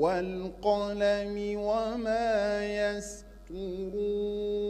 والقلم وما يسترون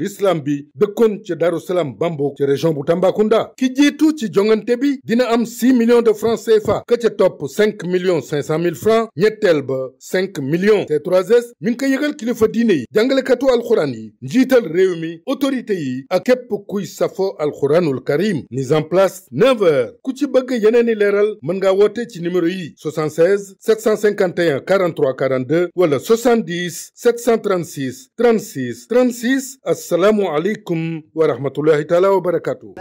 lislaam bi dëkkoon ci Daaru Salaam Bambok ca région bu Tambacounda ki jiitu ci jongante bi dina am 6 millions de francs CFA ka ca topp 5 millions 500 mille francs ñetteel ba 5 millions c 3 mi ngi ko yëgal kilifa diine yi jàngalekatu alxuraan yi njiital réew mi autorité yi ak képp kuy safo alxuraanul karim mise en place 9 heures ku ci bëgg yeneeni leeral mën ngaa woote ci numéro yi 76 751 43 42 wala 70 736 36 36 asalaamualeykum wa rahmatullahi taala wa barakaatu.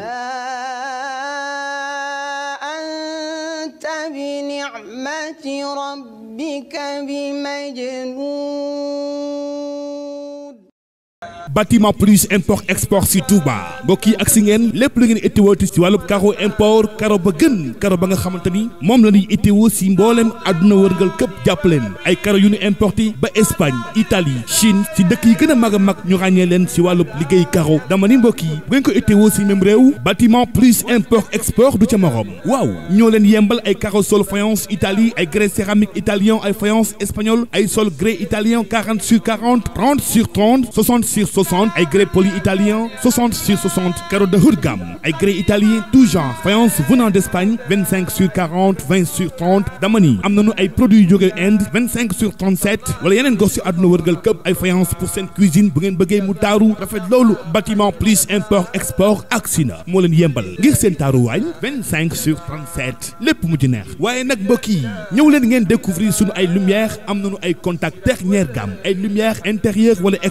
bi ni'mati rabbika bi majnun bâtiment plus import export si Touba mbokk yi ak si ngeen lépp lu ngeen itteewooti si wàllub caro import caro ba gën caro ba nga xamante ni moom la ñuy itteewoo si mbooleem àdduna wërngal këpp jàpp leen ay caro yu ñu importé ba Espagne Italie Chine si dëkk yi gën a mag mag ñu ràññee leen si wàllub liggéey caro dama ni mbokk yi bu ngeen ko itteewoo si même réew bâtiment plus import export du ca morom waaw ñoo leen yembal ay caro sol faïence Italie ay grès céramique ay faïence espagnol ay sol grès italien 40 sur 60 ay grès poli italien sur 60 carreaux de haut ay grès italien tout genre venant d'Espagne 25 sur 40 sur damani am nañu ay produits jóge Inde 25 sur 37 wala yeneen gox si àdduna wërgal këpp ay faïence pour seen cuisine bu ngeen bëggee mu taaru rafet loolu bâtiment plus import export ak sina moo leen yembal ngir seen taaruwaañ 25 sur 37 lépp mu ci waaye nag mbokk ñëw leen ngeen découvrir sunu ay lumière am nañu ay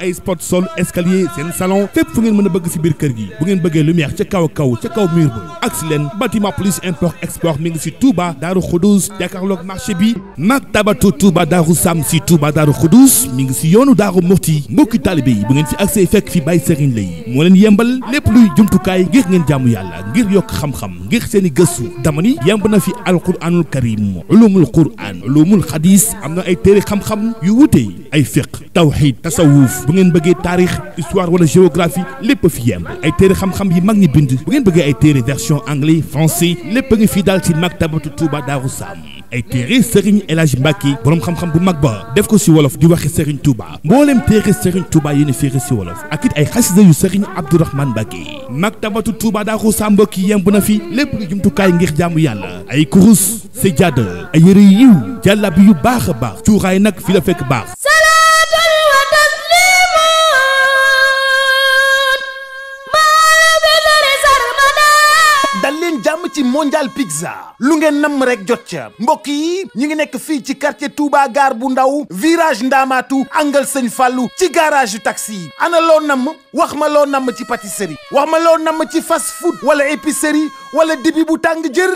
ay ay spot sol escalier seen salon fépp fu ngeen mën a bëgg si biir kër gi bu ngeen bëggee lumière ca kaw kaw ca kaw mur ba ak si leen bâtiment plus import export mi ngi si Touba Daaru Xuduus jàkkaarloog marché bi Maktabatu Touba Daaru Sam si Touba Daaru Xuduus mi ngi si yoonu Daaru Muxti mbokki taalibe yi bu ngeen fi accès fekk fi Baye Serigne lay moo leen yembal lépp luy jumtukaay ngir ngeen jaamu yàlla ngir yokk xam-xam ngir seen i gëstu dama ni yemb na fi alquranul karim ulumul quran ulumul xadis am na ay téere xam yu wute ay fiq tawxid tasawuf ngeen bëggee taarix histoire wala géographie lépp fi yemb ay téere xam-xam yi mag ñi bind bu ngeen bëggee ay téere version anglais français lépp a ngi fii daal ci Maktabatu Touba Darou Sam ay téere Serigne El Hadj Mbacke borom xam-xam bu mag ba def ko si wolof di waxe Serigne Touba mboolem téere Serigne Touba yéen a féere si wolof ak it ay xasida yu Serigne Abdourahmane Mbacke Maktabatu Touba Darou Sam mbokk yi yemb na fi lépp lu jumtukaay ngir jaamu yàlla ay kurus sijjaada ay yëre yiw jàllabi yu baax a baax cuuraay nag fi la fekk baax ci mondial pizza lu ngeen namm rek jot ca mbokk yi ñu ngi nekk fii ci quartier Touba gare bu ndaw virage Ndamatu angle Sëñ Fallou ci garage yu taxi yi ana loo namm wax ma loo namm ci pâtisserie wax ma loo namm ci fast food wala épicerie wala dibi bu tàng jër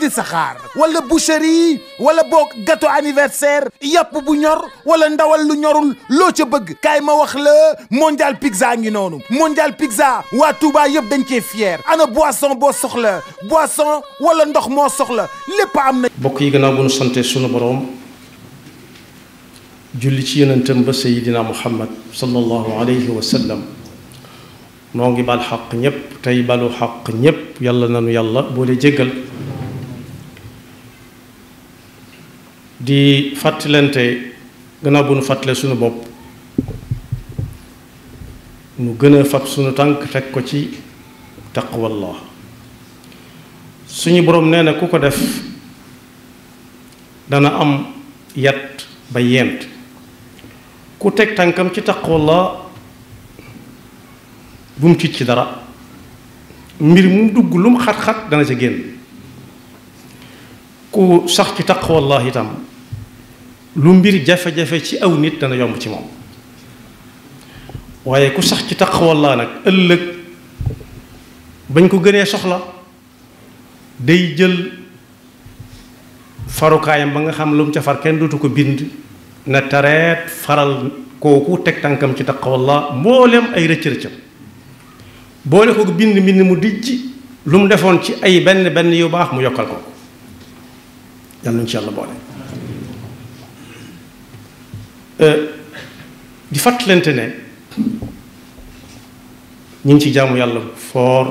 di saxaar wala boucherie wala boog gâteau anniversaire yapp bu ñor wala ndawal lu ñorul loo ci bëgg kaay ma wax la mondial pizza ngi noonu mondial pizza waa Touba yëpp dañ cee fier ana boisson boo soxla boisson walla ndox moo soxla lépp am na. mbokk yi gannaaw bu nu sante sunu boroom julli ci yonentam ba sayidina muhammad sallallahu alayhi wa sallam noo ngi bal xaq ñépp tey balu xaq ñépp yàlla nanu yàlla boo boole jéggal di fàttalante gannaaw bu nu fàttale sunu bopp mu gën a sunu tànk teg ko ci taqwallah suñu boroom nee na ku ko def dana am yat ba yent ku teg tànkam ci taqwallah bu mu tiit ci dara mbir mu dugg lu mu xat-xat dana ca génn ku sax ci taqwallah itam lu mbir jafe-jafe ci aw nit dana yomb ci moom waaye ku sax ci taqwallah nag ëllëg bañ ko gënee soxla day jël farukaayam ba nga xam lu mu ca far kenn dootu ko bind na tareet faral kooku teg tànkam ci taqwallah mboolem ay rëcc-rëccam boole ko bind mbind mu dijj lu mu defoon ci ay benn benn yu baax mu yokkal ko yàlla insha allah boole euh, di fàttalante ne ñu ngi ci jaamu yàlla foor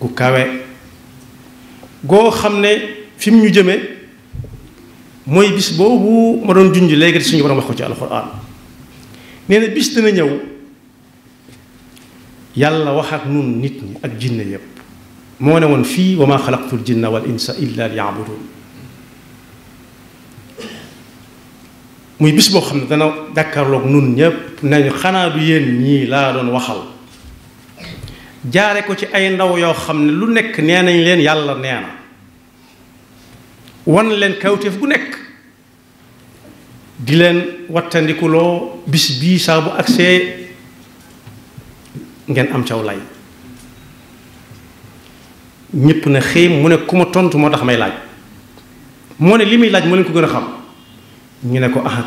ku kawe goo xam ne fi mu ñu jëmee mooy bis boobu ma doon junj léegi suñu borom wax ko ci alxuraan nee na bis dina ñëw yàlla wax ak nun nit ñi ak jinne yépp moo ne woon fii wa maa xalaqtul jinna wal insa illa liyabudun muy bis boo xam ne dana jàkkaarloog nun ñépp nañu xanaa du yéen ñii laa doon waxal jaare ko ci ay ndaw yoo xam ne lu nekk nee nañ leen yàlla nee na wan leen kawteef gu nekk di leen wattandikuloo bis bii saa bu agsee ngeen am caw lay ñépp na xiim mu ne ku ma tontu moo tax may laaj moo ne li muy laaj moo leen ko gën a xam ñu ne ko aha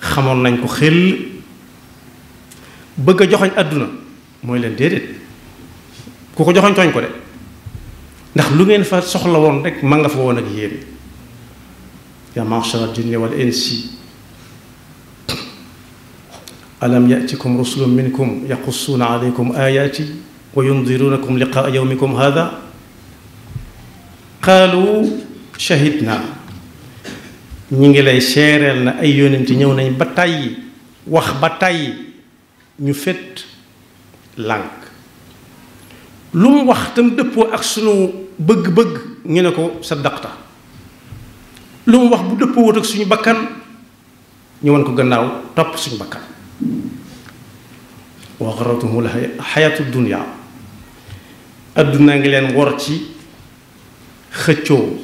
xamoon nañ ko xel bëgg a joxoñ àdduna mooy leen déedéet ku ko joxoñ tooñ ko de ndax lu ngeen fa soxla woon rek man nga fa woon ak yéen yaa ma'shara jinni wal insi alam yatikum rusulun minkum yaqussuuna alaykum ayaati wa yundiruunakum liqaa yawmikum hada qaalu shahidna ñi ngi lay seereel na ay yónent ñëw nañ ba tàyyi wax ba tàyyi ñu fet lànk lu mu wax tam dëppoo ak suñu bëgg-bëgg ñu ne ko sa daqta lu mu wax bu dëppoo wut ak suñu bakkan ñu wan ko gannaaw topp suñu bakkan wa xaratumu la xayatu dunia adduna ngi leen wor ci xëccoo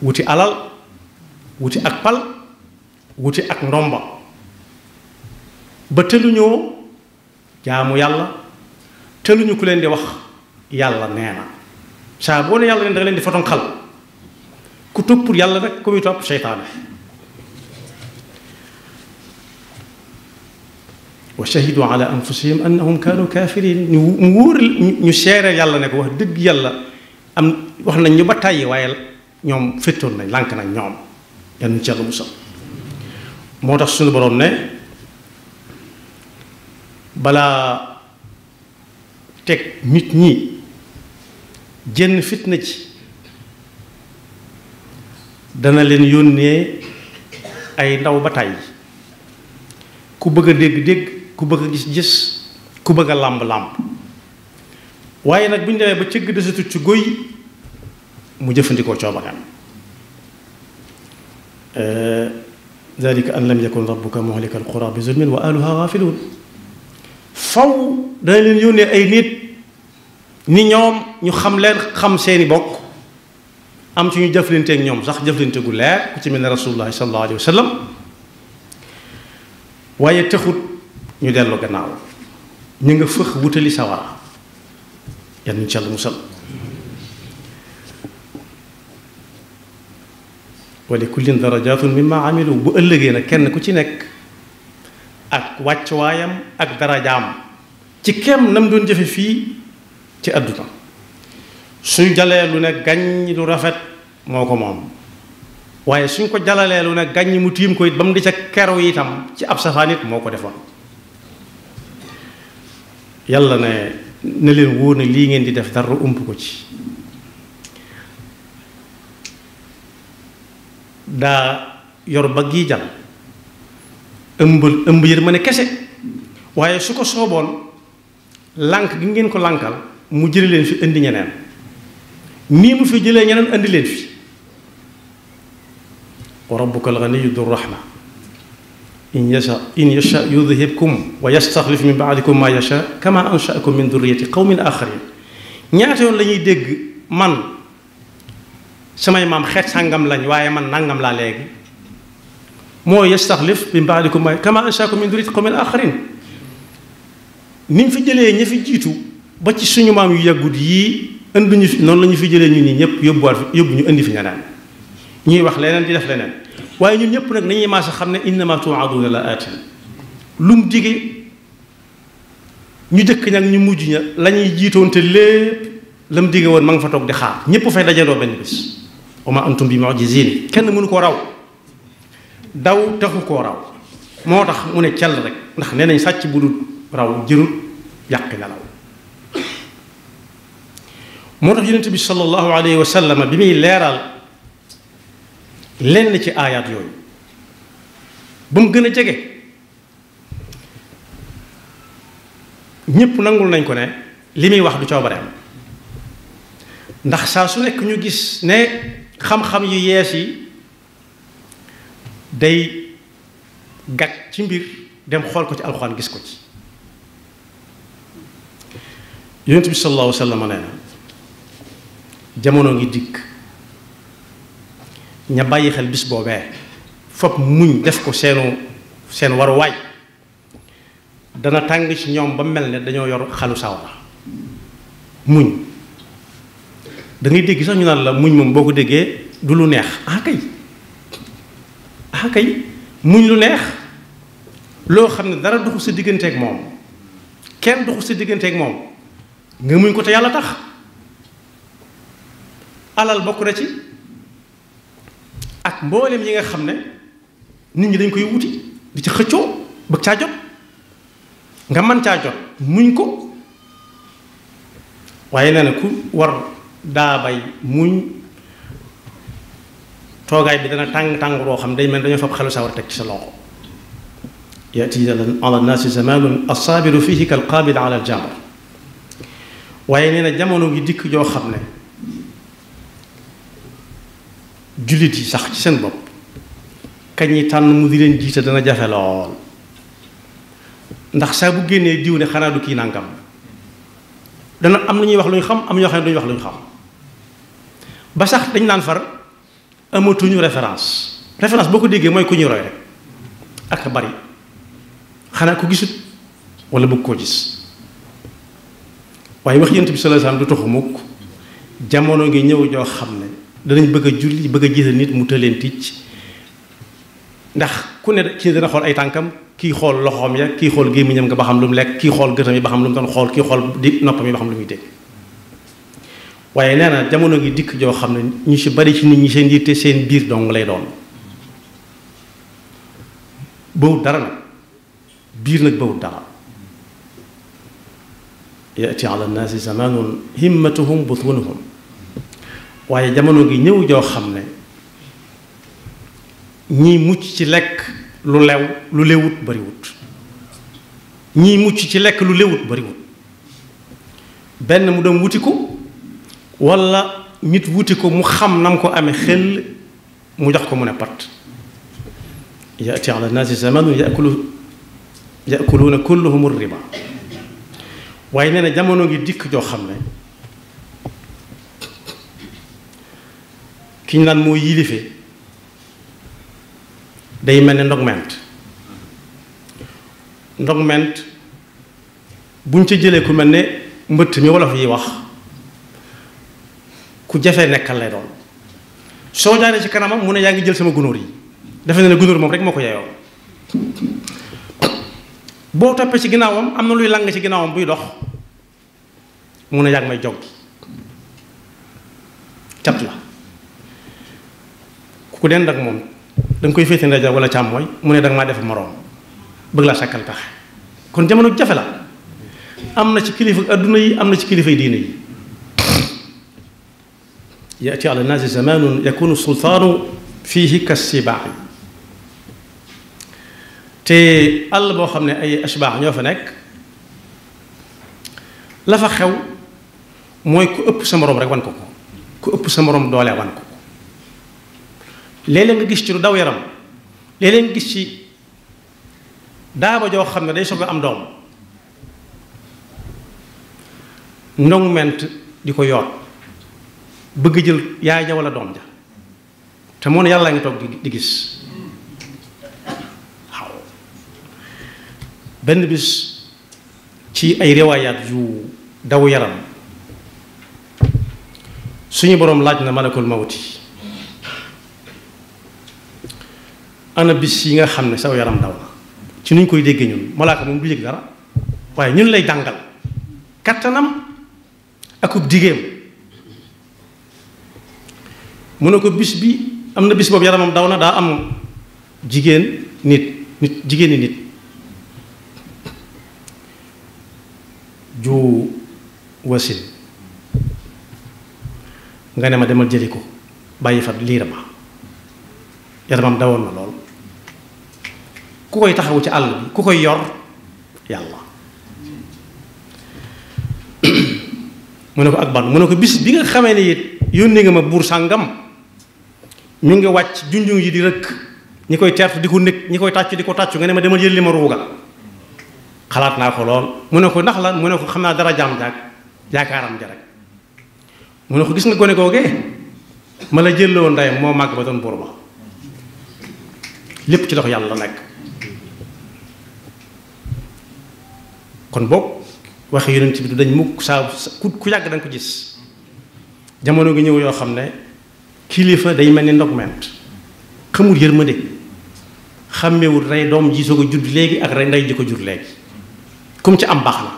wuti alal wuti ak pal wuti ak ndomba ba tëluñoo jaamu yàlla te lu ñu ku leen di wax yàlla nee na saa boo yàlla leen da leen di foton xal ku toppul yàlla rek ku muy topp seytaane wa shahidu ala anfusihim annahum kaanu kafirin ñu mu ñu seere yàlla ne ko wax dëgg yàlla am wax nañ ñu ba tàyyi waaye ñoom féttoon nañ lank nañ ñoom yan ci yàlla musal moo tax suñu borom ne balaa teg nit ñi jenn fitna ci dana leen yónnee ay ndaw ba tàyyi ku bëgg a dégg-dégg ku bëgg a gis jës ku bëgg a làmb-làmb waaye nag buñ ñu demee ba cëgg desatut ci góy mu jëfandikoo coobagan dalika euh, an lam yakun rabbuka muhlika alqura bi zulmin wa ahluha gafilun faw dana leen yónnee ay nit ni ñoom ñu xam leen xam seeni bokk am ci ñu jëflante ñoom sax jëflante gu leer ku ci mel ne rasulullahi sallallahu alayhi wa sallam waaye taxut ñu dellu gannaaw ñu nga fëx wutali sawara yan ñu call musal wa li kullin darajatun ma amilu bu ëllëgee nag kenn ku ci nekk ak wàccuwaayam ak darajaam ci kem nam doon jëfe fii ci àdduna suñ jalee lu ne gàññ lu rafet moo ko moom waaye suñ ko jalalee lu ne gàññ mu tiim ko it ba mu di ca keru itam ci ab safaan it moo ko defoon yàlla ne ne leen wóor na lii ngeen di def dara ump ko ci daa yor ba gii jal ëmbal ëmb yërmande kese waaye su ko sooboon lànk gi ngeen ko lànkal mu jële leen fi indi ñeneen nii mu fi jëlee ñeneen indi leen fi wa rabbuka alganiyu du rahma in yasha in yasha yudhibkum wa yastaxlif min baadikum ma yasha kama anshaakum min durriyati qawmin axarin ñaata yoon lañuy dégg man samay maam xeet sàngam lañ waaye man nàngam laa léegi moo yastaxlif min baadikum kama anshaakum min duriyati qawmin aaxarin ni mu fi jëlee ña fi jiitu ba ci suñu maam yu yàggut yii indi noonu la fi jëlee ñu nii ñëpp yóbbuwaat fi yóbbu ñu indi fi ñeneen ñuy wax leneen di def leneen waaye ñun ñëpp nag nañuy maas a xam ne innama tuuaduuna la aatin lu mu digee ñu jëkk ñag ñu mujj ña lañuy ñuy jiitoonte lépp la mu digee woon ma nga fa toog di xaar ñëpp fay dajandoo benn bés wa antum bi mu'jiziin kenn mënu ko raw daw taxu koo raw moo tax mu ne cell rek ndax nee nañ sàcc bu dul raw jërut yàqi na law moo tax yonent bi sallallahu alayhi wa sallam bi muy leeral lenn ci aayaat yooyu ba mu gën a jege ñépp nangul nañ ko ne li muy wax du coobareem ndax saa su nekk ñu gis ne xam-xam yu yees yi day gàcc ci mbir dem xool ko ci alxuraan gis ko ci yonent bi sallallahu jamono ngi dikk ña bàyyi xel bis boobee fop muñ def ko seenu seen waruwaay dana tàng ci ñoom ba mel ne dañoo yor xalu sawara muñ da dégg sax ñu naan la muñ moom boo ko déggee du lu neex ah kay ah kay muñ lu neex loo xam ne dara duxu sa digganteeg moom kenn duxu sa digganteeg moom nga muñ ko te yàlla tax alal bokk na ci ak mboolem yi nga xam ne nit ñi dañ koy wuti di ci xëccoo bëgg caa jot nga mën caa jot muñ ko waaye nee na ku war daa bay muñ toogaay bi dana tàng tàng boo xam day mel dañoo fab xelu sawar teg ci sa loxo yaati ala naasi zamanun assaabiru fihi kal qaabil ala al jamr waaye nee na jamono gi dikk joo xam ne jullit yi sax seen bopp kañ yi tànn mu di leen jiite dana jafe ndax saa bu génnee diw ne xanaa du kii nangam dana am lu ñuy wax lu xam am ñoo xam ne du ñu wax lu xam ba sax dañ naan far amatuñu référence référence boo ko déggee mooy ku ñu roy rek ak a bari xanaa ko gisut wala bëgg koo gis waaye wax yent bi sallallahu alayhi wasallam du taxu mukk jamono ngi ñëw ñoo xam ne danañ bëgg a julli bëgg a gisal nit mu tëleen ticc ndax ku ne ci dana xool ay tànkam kii xool loxoom ya kii xool gémmiñam nga ba xam lu mu lekk kii xool gëtam yi ba xam lu mu doon xool kii xool di noppam yi ba xam lu muy dégg waaye nee na jamono ngi dikk joo xam ne ñu si bari ci nit ñi seen yitte seen biir dong lay doon bawut dara nag biir nag bawut dara yati ala nnaasi zamanun himmatuhum butunuhum waaye jamono gi ñëw joo xam ne ñii mucc ci lekk lu lew lu lewut bariwut ñiy mucc ci lekk lu lewut bariwut benn mu dem wuti wala nit wuti ko mu xam nam ko amee xel mu jox ko mu ne pat yaati ala naasi zamanun yakulu yakuluuna kulluhum riba waaye nee na jamono ngi dikk joo xam ne kiñ ñu naan moo yilife day mel ne ndogment ndogment buñ ci jëlee ku mel ne mbëtt mi wolof yi wax ku jafee nekkal lay doon soo jaaree ci kanamam mu ne yaa ngi jël sama gunóor yi defe ne gunóor moom rek moo ko yeyoo boo toppee ci ginnaawam am na luy lang ci ginnaawam buy dox mu ne yaa ngi may jog cat la ku dend ak moom da koy koy na jar walla càmmooñ mu ne danga maa def moroom bëgg la sàkkal tax kon jamono jafe la am na ci kilifa adduna yi am na ci kilifay diine yi يأتي على الناس زمان يكون السلطان فيه كالسباع te àll boo xam ne ay ashbaax ñoo fa nekk la fa xew mooy ku ëpp sa moroom rek wan ko ko ku ëpp sa moroom doolee wan ko ko léeg nga gis ci lu daw yaram léeg nga gis ci daaba joo xam ne day soog am doom ndong ment di ko yoot bëgg jël yaay ja wala doom ja te moo ne yàlla ngi toog di gis waaw benn bis ci ay riwaayaat yu daw yaram suñu boroom laaj na malakul mawti ana bis yi nga xam ne saw yaram daw na ci nuñ koy déggee ñun malaaka moom du yëg dara waaye ñun lay dàngal kattanam akub digéem mu ne ko bis bi am na bis boobu yaramam daw na daa am jigéen nit nit jigéeni nit ju wasin nga ne ma demal jëli ko bàyyi fa liira ma yaramam dawoon na lool ku koy taxawu ci àll bi ku koy yor yàlla mu ne ko ak ban mu ne ko bis bi nga xamee ne yónnee nga ma buur sàngam mi ngi wàcc junjung yi di rëkk ñi koy teertu di ko nekk ñi koy tàccu di ko tàccu nga ne ma demal yël li ma ruuga xalaat naa ko lool mu ne ko ndax la mu ne ko xam naa dara jaam jaag yaakaaram ja rek mu ne ko gis nga gone googee ma la jëlloo ndeyam moo màgg ba doon buur ba lépp ci loxo yàlla nekk kon boog waxe yonent bi du dañ mukk saa ku yàgg da ko gis jamono gi ñëw yoo xam ne kilifa day mel ni ndogment xamul yërmande xàmmewul rey doom ji soog a judd léegi ak rey ndey ji ko jur léegi kum ci am baax na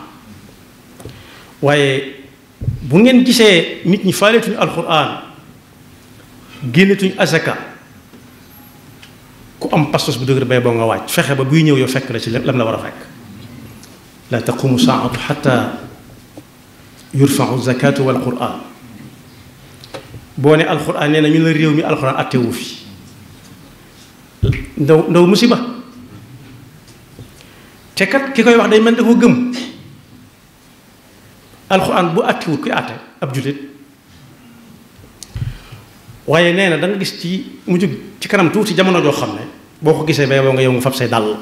waaye bu ngeen gisee nit ñi faaleetuñu alxuraan génnetuñu asaka ku am pastos bu dëgër bay boo nga wàcc fexe ba buy ñëw yow fekk la ci lam la war a fekk la taqumu saatu xata yurfau zakatu wal quraan boo ne alxuraan nee na ñu la réew mi alxuraan attewu fi ndaw ndaw musiba te kat ki koy wax day mel dafa gëm alxuraan bu attewut kuy atte ab jullit waaye nee na da gis ci mu jóg ci kanam tuuti jamono joo xam ne boo ko gisee bay boo nga yow nga fab say dàll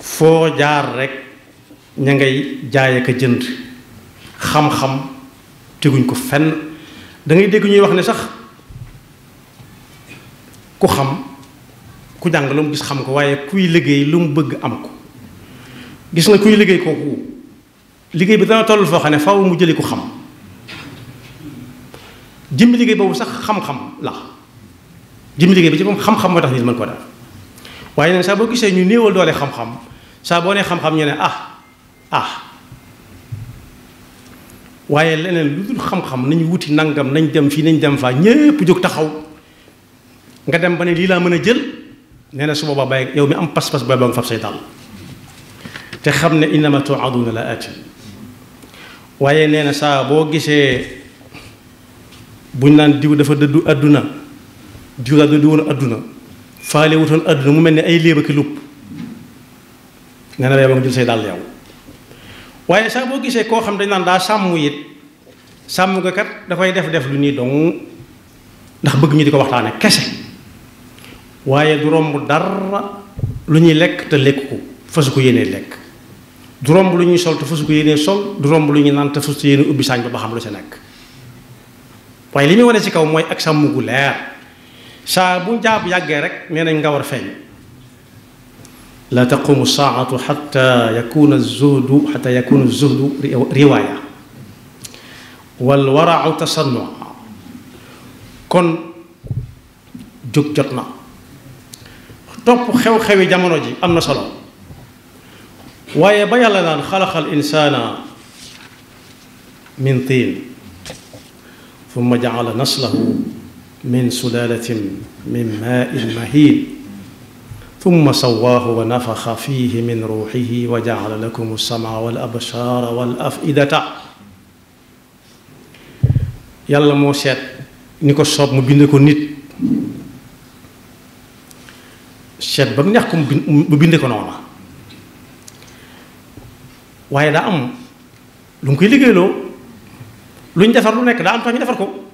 foo jaar rek ña ngay jaay ak a jënd xam-xam teguñ ko fenn dangay ngay dégg ñuy wax ne sax ku xam ku jàng lu mu gis xam ko waaye kuy liggéey lu mu bëgg am ko gis nga kuy liggéey kooku liggéey bi dana toll foo xam ne faaw mu jëli ko xam jëmmi liggéey boobu sax xam-xam la jëmmi liggéey bi ci moom xam-xam moo tax nit mën ko def waaye nag saa boo gisee ñu néewal doole xam-xam saa boo nee xam-xam ñu ne ah ah waaye leneen lu dul xam-xam nañ wuti nangam nañ dem fii nañ dem faa ñépp jóg taxaw nga dem ba ne lii laa mën a jël nee na su boobaa bàyyi yow mi am pas-pas booy ba nga fab say dàll te xam ne innama tuaduna la aati waaye nee na saa boo gisee buñ naan diw dafa dëddu àdduna diw daa dëddu woon àdduna faale wutoon àdduna mu mel ni ay léeba ki lupp nee na yow nga jël say dàll yow waaye saa boo gisee koo xam dañ naan daa sàmm it sàmm nga kat dafay def def lu nii dong ndax bëgg ñu di ko waxtaane kese waaye du romb dara lu ñuy lekk te lekk ko fasu ko yéenee lekk du romb lu ñuy sol te fasu ko yéenee sol du romb lu ñuy naan te fasu ko yéenee ubbi saañ ba ba xam lu si nekk waaye li muy wane ci kaw mooy ak sàmm gu leer saa bu jàpp yàggee rek nee nañ nga war feeñ laa taqumu saatu xata yakuna zuhdu xata yakuna zuhdu riwaaya wal waraaw tasannu kon jóg jot na topp xew-xewi jamono ji am na solo waaye ba yàlla naan xalaqal insaana min tiin summa jaala naslahu min sulaalatin min maa in mahiin tumma sawaahu wa nafaxa fiihi min ruuxihi wa jaala lakum moo seet ni ko soob mu binde ko nit seet ba mu neex ko mu binde ko noona waaye daa am lu mu koy liggéeyloo lu lu nekk daa am tax ñu defar ko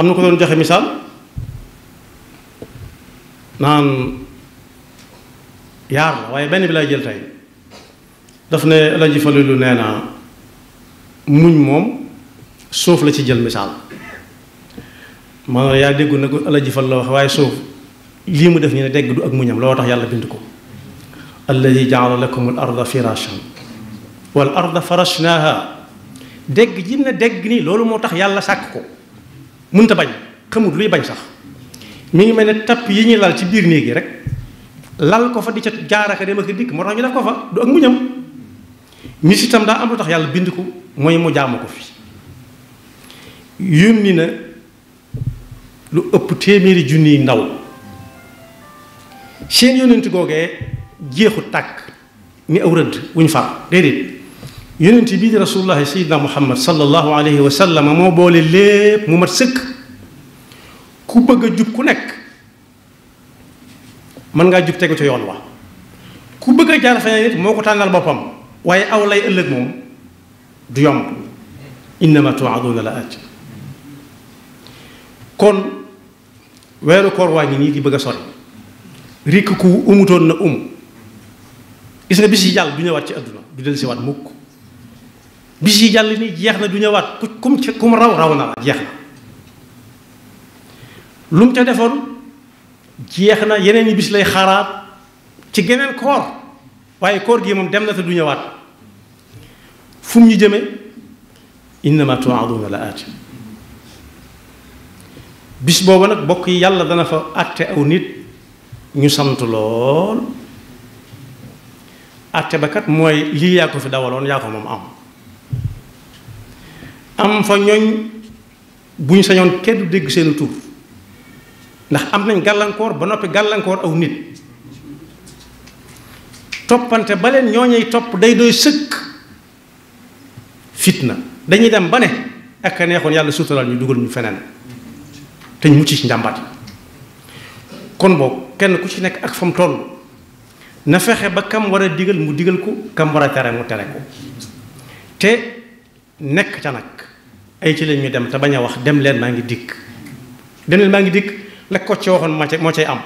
am na ko doon joxe misaal naan yaar la waaye benn bi lay jël tey daf ne la ji falilu nee na muñ moom suuf la ci jël misaal man yaa déggu na ko la ji fal la wax waaye suuf lii mu def ñu ne dégg du ak muñam loo tax yàlla bind ko alladi jaala lakum al arda firashan wal arda dégg ji ne dégg nii loolu moo tax yàlla sàkk ko mënta bañ xamut luy bañ sax mi ngi mel na tapp yi ñu lal ci biir néeg yi rek lal ko fa di ca jaaraka dem ak dikk moo tax ñu def ko fa du ak muñam nit itam daa am lu tax yàlla bind ko mooy mu jaamu ko fi yónni na lu ëpp téeméeri junniy ndaw seen yónent googee jeexu tàkk ni aw rëdd wuñ far déedéet yónent bii di rasulullahi sayidna muhammad sallallahu alayhi wa moo boole lépp mu mat sëkk ku bëgg a jub ku nekk mën ngaa jub tegu ci yoon wa ku bëgg a jaar feneen nit moo ko tànnal boppam waaye aw lay ëllëg moom du yomb innama na la aj kon weeru koor waa ngi nii bëgg a sori rikk ku umutoon na um gis nga bis yi jàll du ñëwaat ci àdduna du del siwaat mukk bis yi jàll nii jeex na du ñëwaat ku kum ci kum raw raw na la jeex na lu mu ca defoon jeex na yeneen yi bis lay xaaraat ci geneen koor waaye koor gi moom dem na te du ñëwaat fu mu ñu jëme innama tuaduna la aat bis boobu nag bokk yi yàlla dana fa àtte aw nit ñu sant lool àtte ba kat mooy lii yaa ko fi dawaloon yaa ko moom am am fa ñooñ bu ñu sañoon kenn du dégg seeni tur ndax am nañ gàllankoor ba noppi gàllankoor aw nit toppante ba leen ñooñey topp day doy sëkk fitna dañuy dem ba ne ak a neexoon yàlla suturaal ñu dugal ñu feneen te ñu mucc ci njàmbat kon boo kenn ku ci nekk ak fam toll na fexe ba kam war a digal mu digal ko kam war a tere mu tere ko te nekk ca nag ay ci lañ ñu dem te bañ a wax dem leen maa ngi dikk dem leen maa ngi dikk la ko ci waxoon moo ca moo cay am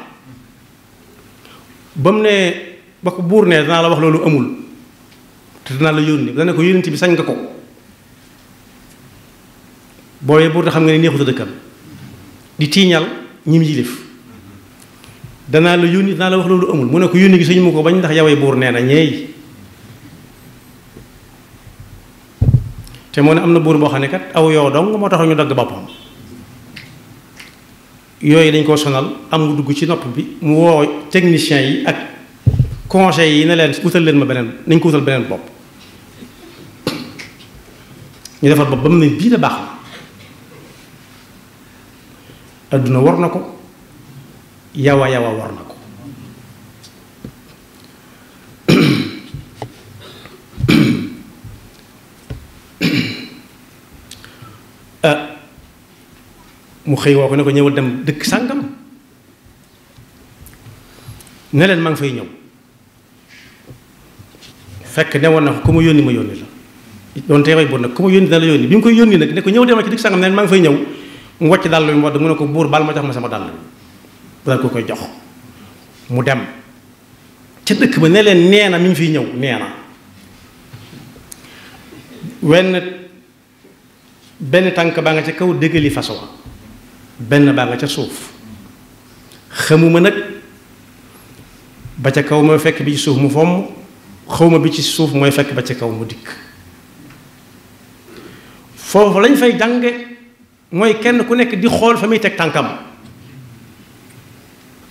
ba mu ne ba ko buur nee danaa la wax loolu amul te danaa la yónni dana ko yónnent bi sañ nga ko booyee buur te xam nga ne di tiiñal ñim yilif danaa la yónni danaa wax loolu amul mu ne ko yónni gi suñu mu ko bañ ndax yawee buur nee na ñeey te moo ne am na buur boo xam ne kat aw yow dong moo taxaw ñu dagg boppam yooyu dañ koo sonal am dugg ci nopp bi mu woo technicien yi ak conseil yi na leen wutal leen ma beneen nañ ko wutal beneen bopp ñu defar bopp ba mu ne bii da baax na adduna war na ko yawa yawa war na ko mu xëy woo ko ne ko ñëwal dem dëkk sàngam ne leen maa ngi fay ñëw fekk ne woon na ko ku ma yónni ma yónni la doon tey way buur nag ku bi mu koy yónni nag ne ko ñëw demal ci dëkk sàngam ngi fay ñëw mu wàcc dàll bi mu wax mu ko buur baal ma jox ma sama dàll bi ko koy jox mu dem ca dëkk ba ne leen nee na mi ngi fiy ñëw nee na wenn benn tànk baa nga ci kaw dëggali façon benn baa nga ca suuf xamuma nag ba ca kaw mooy fekk bi ci suuf mu fomm xawma bi ci suuf mooy fekk ba ca kaw mu dikk foofu lañ fay jànge mooy kenn ku nekk di xool fa muy teg tànkam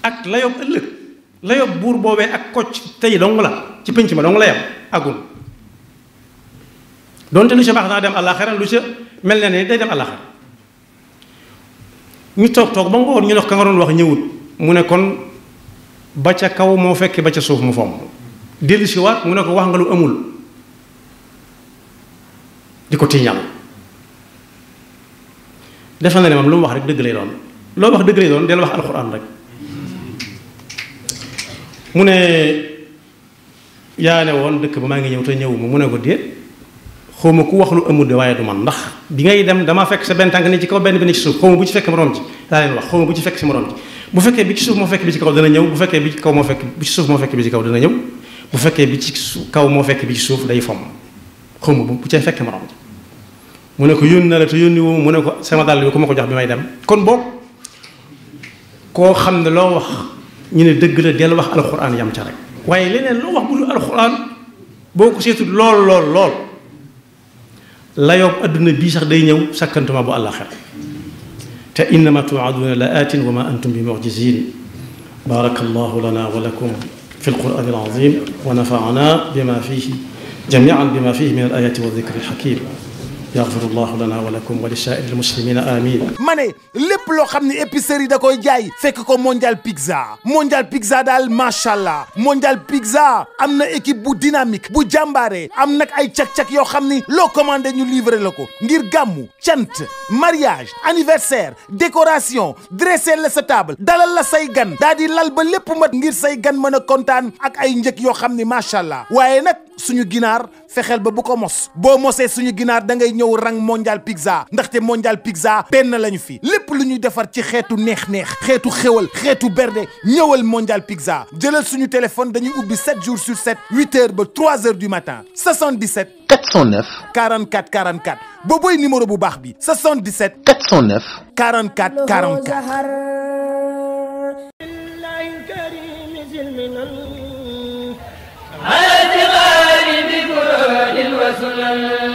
ak la ëllëg la buur boobee ak kocc tey dong la ci pénc ma dong la yam agul donte lu ca baax naa dem àllaaxira lu ca mel ne ne day dem àllaaxira ñu toog toog ba ngoon ñu ne ka nga doon wax ñëwut mu ne kon ba ca kaw moo fekkee ba ca suuf mu fomm dellusiwaat mu ne ko wax nga lu amul di ko tiiñal defe na ne moom lu mu wax rek dëgg lay doon loo wax dëgg lay doon del wax alxuraan rek mu ne yaa ne woon dëkk ba maa ngi ñëw te ñëwuma mu ne ko déet xawma ku wax lu amul de waaye du man ndax bi ngay dem dama fekk sa benn tànk ne ci kaw benn bi ne ci suuf xawma bu ci fekk morom ci daa leen wax xawma bu ci fekk si morom ci bu fekkee bi ci suuf moo fekk bi ci kaw dana ñëw bu fekkee bi ci kaw moo fekk bi ci suuf moo fekk bi ci kaw dana ñëw bu fekkee bi ci kaw moo fekk bi ci suuf day fomm xawma bu cay fekk morom ci mu ne ko yónni na la te yónni woo mu ne ko sam dàll bi ku ma ko jox bi may dem kon boog koo xam ne loo wax ñu ne dëgg la del wax alxuraan yam ca rek waaye leneen loo wax boo ko seetu lool lool lool layoob adduna bii sax day ñëw sakkantuma bu àllaaxira te innama tuwaaduuna la aatin wa ma antum bi mucjizin baraka allahu lana wa lakum fi alqur'an alazim wa nafaana bima fihi jamian bima fihi min alayati wa dikri alxakim yaxfirullahu lana wa lakum wa li saa'iril amin ma ne lépp loo xam ne épicerie da koy jaay fekk ko mondial pizza mondial pizza daal macha allah mondial pizza am na équipe bu dynamique bu jàmbaare am nag ay cak-cak yoo xam ni loo commandé ñu livré la ko ngir gàmmu cant mariage anniversaire décoration dressé la sa table dalal la say gan daa di lal ba lépp mat ngir say gan ma a kontaan ak ay njëg yoo xam ni macha allah waaye suñu ginaar fexeel ba bu ko mos boo mosee suñu ginaar da ngay ñëw rang mondial pizza ndaxte mondial pizza benn lañu fi lépp lu ñuy defar ci xeetu neex-neex xeetu xewal xeetu berde ñëwal mondial pizza jëlal suñu téléphone dañuy ubbi 7 jour sur 7 8 heures ba 3 heures du matin 77. 409 44 44 boobooy numéro bu baax bi 77 409 44 44 رسول الله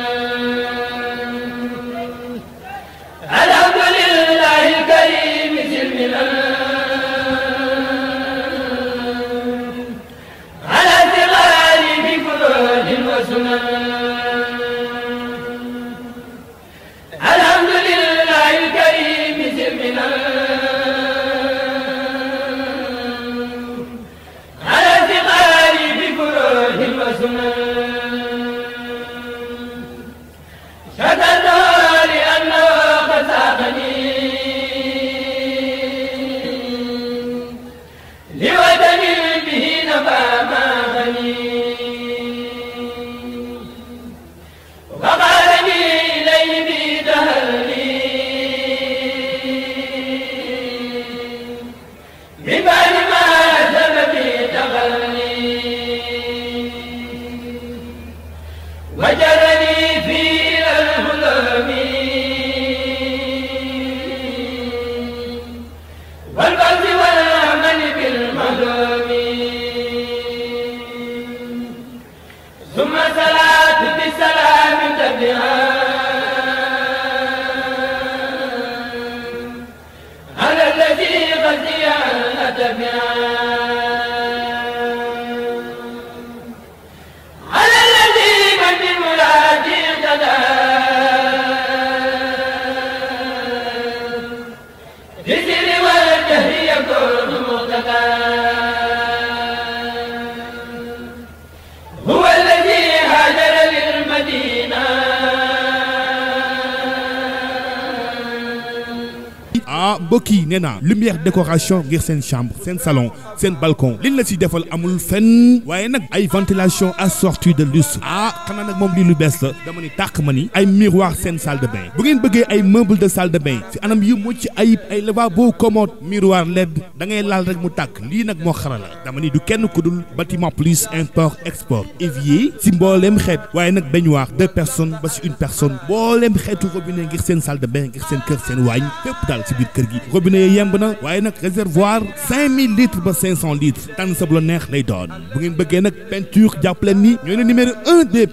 mi ah mbokk yi nee naa lumière décoration ngir seen chambre seen salon seen balcon liñ la si defal amul fenn waaye nag ay ventilation assortie de luxe ah xanaa nag moom lii lu bees la dama ni tàq ma ni ay miroir seen salle bu ngeen bëggee ay meuble de salle de bain si anam yu ayib ay lavabo commode miroir led da laal rek mu tàkk lii nag moo xarala dama ni du kenn ku dul bâtiment plus import export évier si mbooleem xeet waaye nag baignoire deux personnes ba si une personne mbooleem xeetu robinet ngir seen salle de bain ngir seen kër seen waañ fépp daal si biir kër gi robinet yi yemb na waaye nag réservoir cinq mille litres ba cinq cent litres neex lay doon bu ngeen bëggee nag peinture le numéro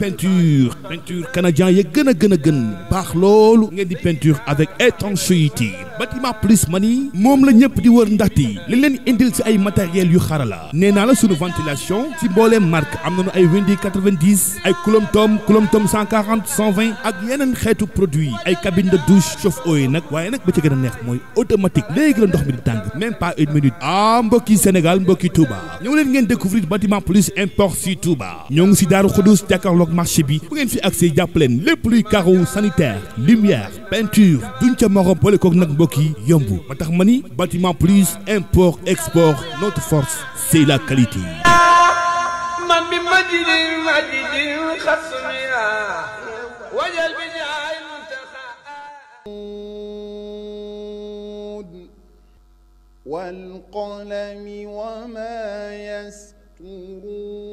peinture peinture canadien ya gën a gën a gën baax loolu ngeen di peinture avec étanchéité bâtiment plus mani moom la ñëpp di wër ndaxte li leen indil si ay matériels yu xarala nee naa la suñu ventilation si mbooleem marque am nañu ay windi 90 ay kulom tom kulom tom 140 120 ak yeneen xeetu produit ay cabine douche chauffe-eau nag waaye nag ba ci gën a neex mooy automatique léegi la ndox mi di tàng même pas une minute ah mbokki Sénégal mbokki Touba ñëw leen ngeen marché bi bu ngeen fi accès jàpp leen lépp luy carreau sanitaire lumière peinture duñ ca morom boole nag mbokk yomb ma tax ma ni bâtiment plus import export notre force c'est la qualité. wal qalami wa ma yasturuun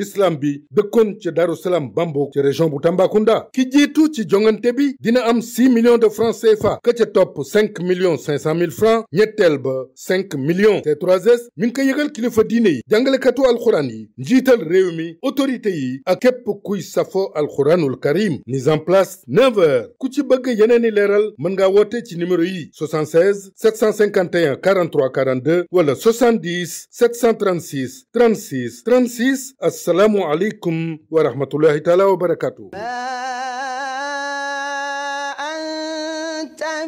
l'islam bi dëkkoon ci Daaru Salaam Bambouk ca région bu Tambacounda ki jiitu ci jongante bi dina am 6 million de francs CFA ka ca topp 5 millions 500 mille francs ñetteel ba 5 millions c 3 mi ngi ko yëgal kilifa diine yi jàngalekatu alxuraan yi njiital réew mi autorité yi ak képp kuy safo alxuraanul karim mise en place 9 heures ku ci bëgg yeneen i leeral mën ngaa woote ci numéro yi 76 751 43 42 wala 70 736 36 36 ak asalaamu aleykum wa rahmatullahi taala wa barakaatu.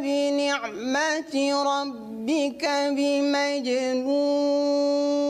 bi ni'mati rabbika bi majnun